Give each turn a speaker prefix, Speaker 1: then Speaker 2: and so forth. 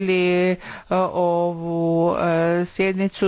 Speaker 1: E, ovu e, sjednicu